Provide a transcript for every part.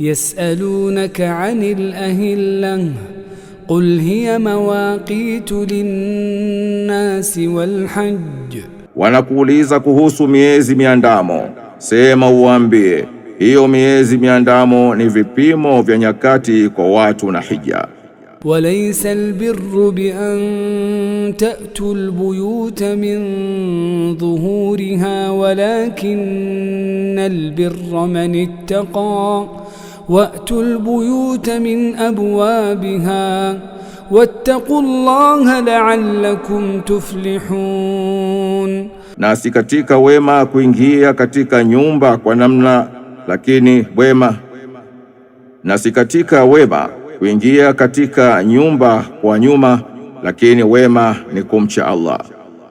يسألونك عن الأهلة قل هي مواقيت للناس والحج ونقوليزا kuhusu miezi miandamo sema uambie hiyo miezi miandamo ni vipimo vya nyakati kwa watu na hija وليس البر بأن تأتوا البيوت من ظهورها ولكن البر من اتقى واتوا البيوت من ابوابها واتقوا الله لعلكم تفلحون na si wema kuingia katika nyumba kwa namna, lakini wema. Na si wema kuingia katika nyumba kwa nyuma, lakini wema ni kumcha Allah.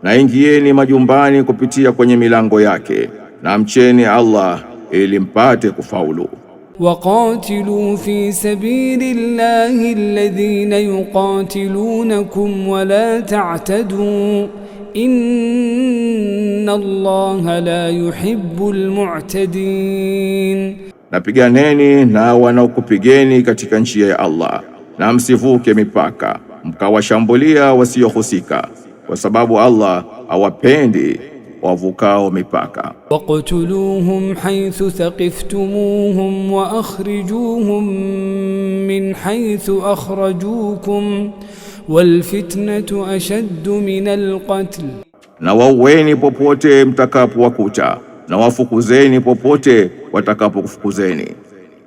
Na ingieni majumbani kupitia kwenye milango yake, na mcheni Allah ili mpate kufaulu. وقاتلوا في سبيل الله الذين يقاتلونكم ولا تعتدوا inna Allaha la yuhibbul mu'tadin, napiganeni na wanaokupigeni katika njia ya Allah, na msivuke mipaka mkawashambulia wasiohusika, kwa sababu Allah hawapendi wavukao mipaka. waqtuluhum haythu thaqiftumuhum wa akhrijuhum min haythu akhrajukum wal fitnatu ashaddu min al qatl, na wauweni popote mtakapowakuta na wafukuzeni popote watakapokufukuzeni,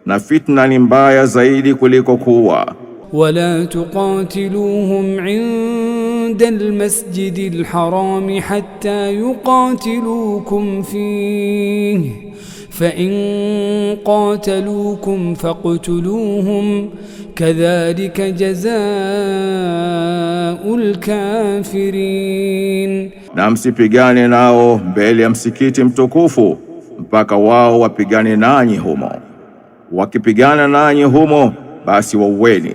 na fitna ni mbaya zaidi kuliko kuwa. wala tuqatiluhum عند المسجد الحرام حتى يقاتلوكم فيه فإن قاتلوكم فاقتلوهم كذلك جزاء الكافرين na msipigane nao mbele ya msikiti mtukufu mpaka wao wapigane nanyi humo wakipigana nanyi humo basi wauweni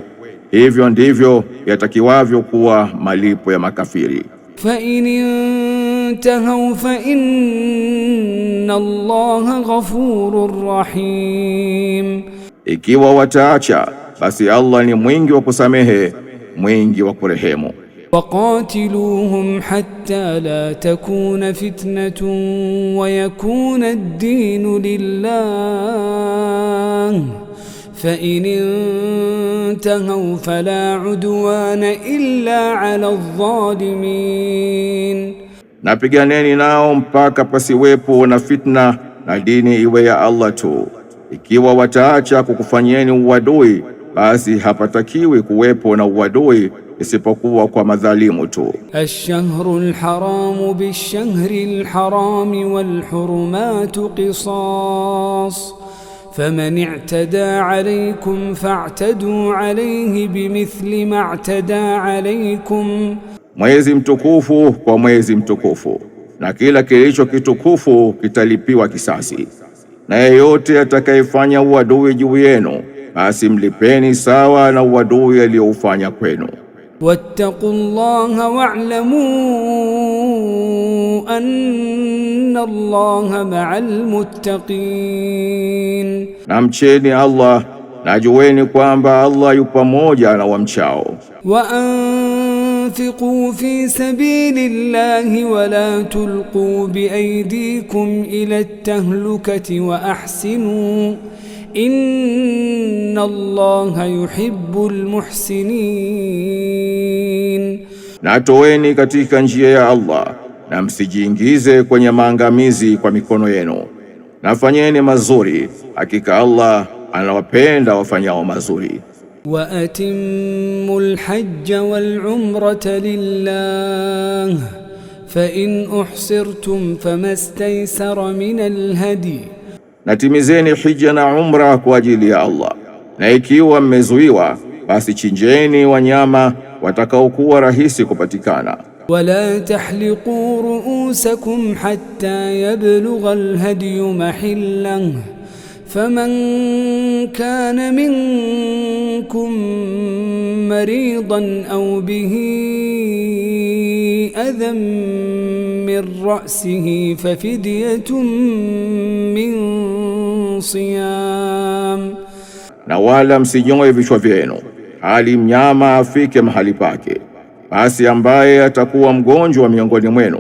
Hivyo ndivyo yatakiwavyo kuwa malipo ya makafiri. fa in intahau fa inna Allaha ghafurur rahim, ikiwa wataacha basi Allah ni mwingi wa kusamehe mwingi wa kurehemu. waqatiluhum hatta la takuna fitnatun wa yakuna ad din lillah فإن انتهوا فلا udwana illa ala adh napiganeni nao mpaka pasiwepo na fitna na dini iwe ya Allah tu. Ikiwa wataacha kukufanyeni uadui, basi hapatakiwi kuwepo na uadui isipokuwa kwa madhalimu tu. Ash-shahru al-haramu bish-shahri al-harami wal-hurumatu qisas فمن اعتدى عليكم فاعتدوا alayhi bimithli ma i'tada alaykum, mwezi mtukufu kwa mwezi mtukufu, na kila kilicho kitukufu kitalipiwa kisasi, na yeyote atakayefanya uadui juu yenu, basi mlipeni sawa na uadui aliyoufanya kwenu. wattaqullaha wa'lamu an الله مع المتقين نمشيني الله نجويني كوانبا الله جانا نوامشاو وأنفقوا في سبيل الله ولا تلقوا بأيديكم إلى التهلكة وأحسنوا إن الله يحب المحسنين نتويني كتيكا نجيه الله na msijiingize kwenye maangamizi kwa mikono yenu, nafanyeni mazuri, hakika Allah anawapenda wafanyao mazuri. wa atimmu wal umrata lillah fa in uhsirtum famastaysara min alhadi, natimizeni hija na umra kwa ajili ya Allah, na ikiwa mmezuiwa, basi chinjeni wanyama watakaokuwa rahisi kupatikana ولا تحلقوا رؤوسكم حتى يبلغ الهدي محله فمن كان منكم مريضا أو به أذى من رأسه ففدية من صيام na wala msijonge vichwa vyenu hali mnyama afike mahali pake Basi ambaye atakuwa mgonjwa miongoni mwenu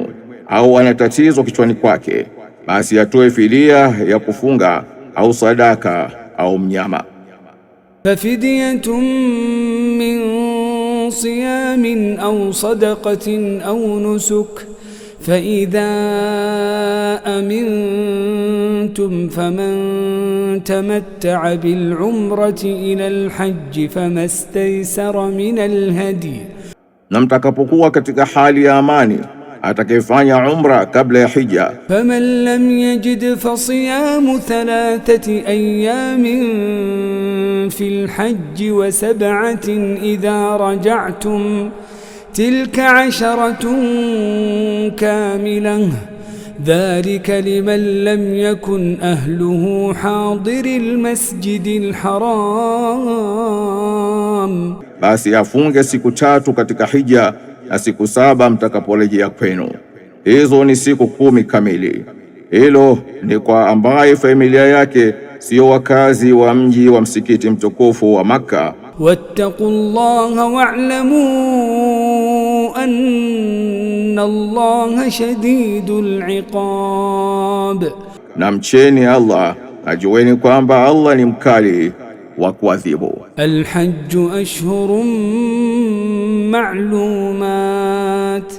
au ana tatizo kichwani kwake, basi atoe fidia ya kufunga au sadaka au mnyama. Fafidiyatun min siyamin au sadaqatin au nusuk faidha amintum faman tamattaa bilumrati ila alhaji famastaysara min alhadi na mtakapokuwa katika hali ya amani atakayefanya umra kabla ya hija. faman lam yajid fa siyamu thalathati ayamin fi hajji wa sab'atin idha raja'tum tilka asharatun kamilah ذلك لمن لم يكن أهله حاضر المسجد الحرام haram, basi afunge siku tatu katika hija na siku saba mtakaporejea kwenu, hizo ni siku kumi kamili. Hilo ni kwa ambaye familia yake sio wakazi wa mji wa msikiti mtukufu wa Makka. Wattaqullaha wa'lamu anna Allaha shadidul iqab, na mcheni Allah, najueni kwamba Allah ni mkali wa kuadhibu. Alhajju ashhurun ma'lumat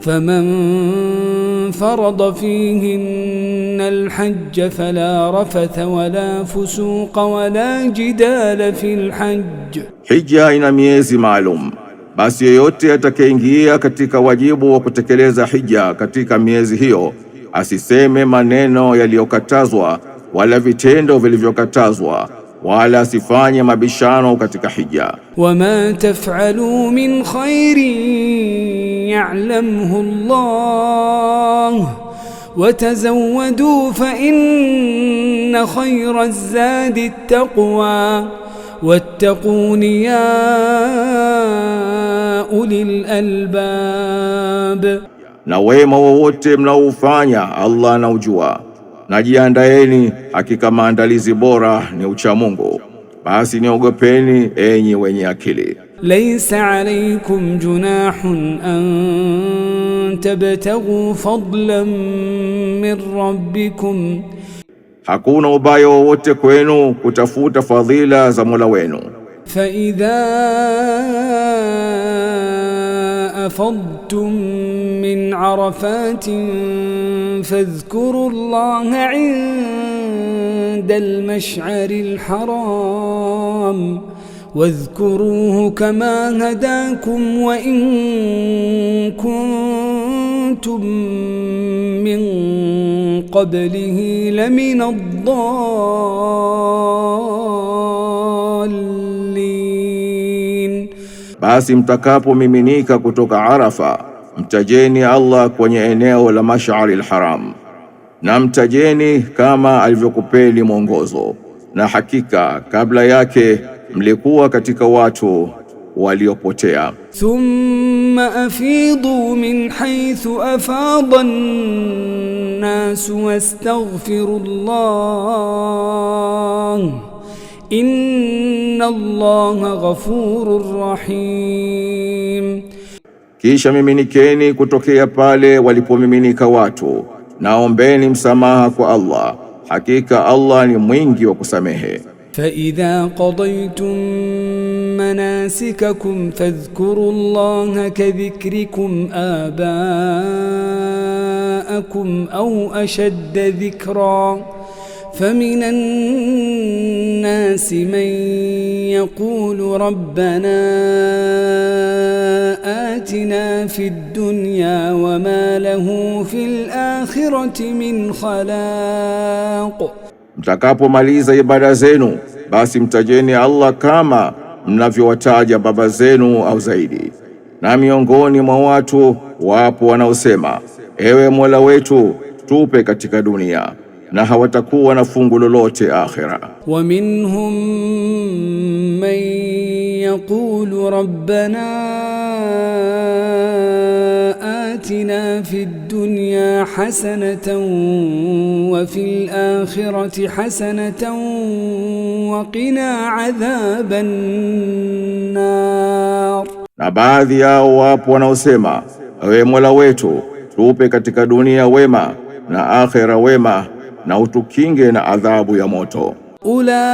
faman farada fihinna alhajja fala rafatha wala fusuqa wala jidala fil hajj, hija ina miezi maalum. Basi yeyote atakayeingia katika wajibu wa kutekeleza hija katika miezi hiyo asiseme maneno yaliyokatazwa wala vitendo vilivyokatazwa wala asifanye mabishano katika hija. Wama taf'alu min khairin ya'lamuhu Allah wa tazawwadu fa inna khayra az-zadi at-taqwa wattaquni ya ulil albab, na wema wowote mnaoufanya Allah anaujua najiandaeni, hakika maandalizi bora ni ucha Mungu. Basi niogopeni enyi wenye akili. Laysa alaykum junahun an tabtaghu fadlan min rabbikum, hakuna ubaya wowote kwenu kutafuta fadhila za Mola wenu. Fa idha afadtum من عرفات فاذكروا الله عند المشعر الحرام واذكروه كما هداكم وإن كنتم من قبله لمن الضالين تكابو mtakapomiminika kutoka عرفه mtajeni Allah kwenye eneo la Mash'ari al-Haram, na mtajeni kama alivyokupeni mwongozo, na hakika kabla yake mlikuwa katika watu waliopotea. Thumma afidu min haythu afada an-nas wastaghfirullah inna Allaha ghafurur rahim kisha miminikeni kutokea pale walipomiminika watu, naombeni msamaha kwa Allah, hakika Allah ni mwingi wa kusamehe. fa idha qadaytum manasikakum fadhkuru llaha kadhikrikum abaakum au ashadda dhikra فمن الناس من يقول ربنا آتنا في الدنيا وما له في الآخرة من خلاق Mtakapomaliza ibada zenu basi mtajeni Allah kama mnavyowataja baba zenu au zaidi. Na miongoni mwa watu wapo wanaosema, ewe Mola wetu, tupe katika dunia na hawatakuwa na fungu lolote akhira. Wa minhum man yaqulu rabbana atina fid dunya hasanatan wa fil akhirati hasanatan wa qina adhaban nar, na baadhi yao wapo wanaosema, ewe Mola wetu tupe katika dunia wema na akhira wema na utukinge na adhabu ya moto. Ulaika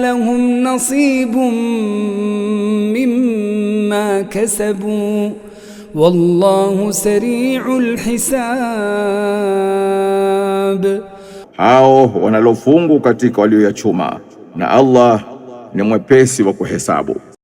lahum nasibun mimma kasabu wallahu sari'ul hisab, hao wanalofungu katika walioyachuma na Allah ni mwepesi wa kuhesabu.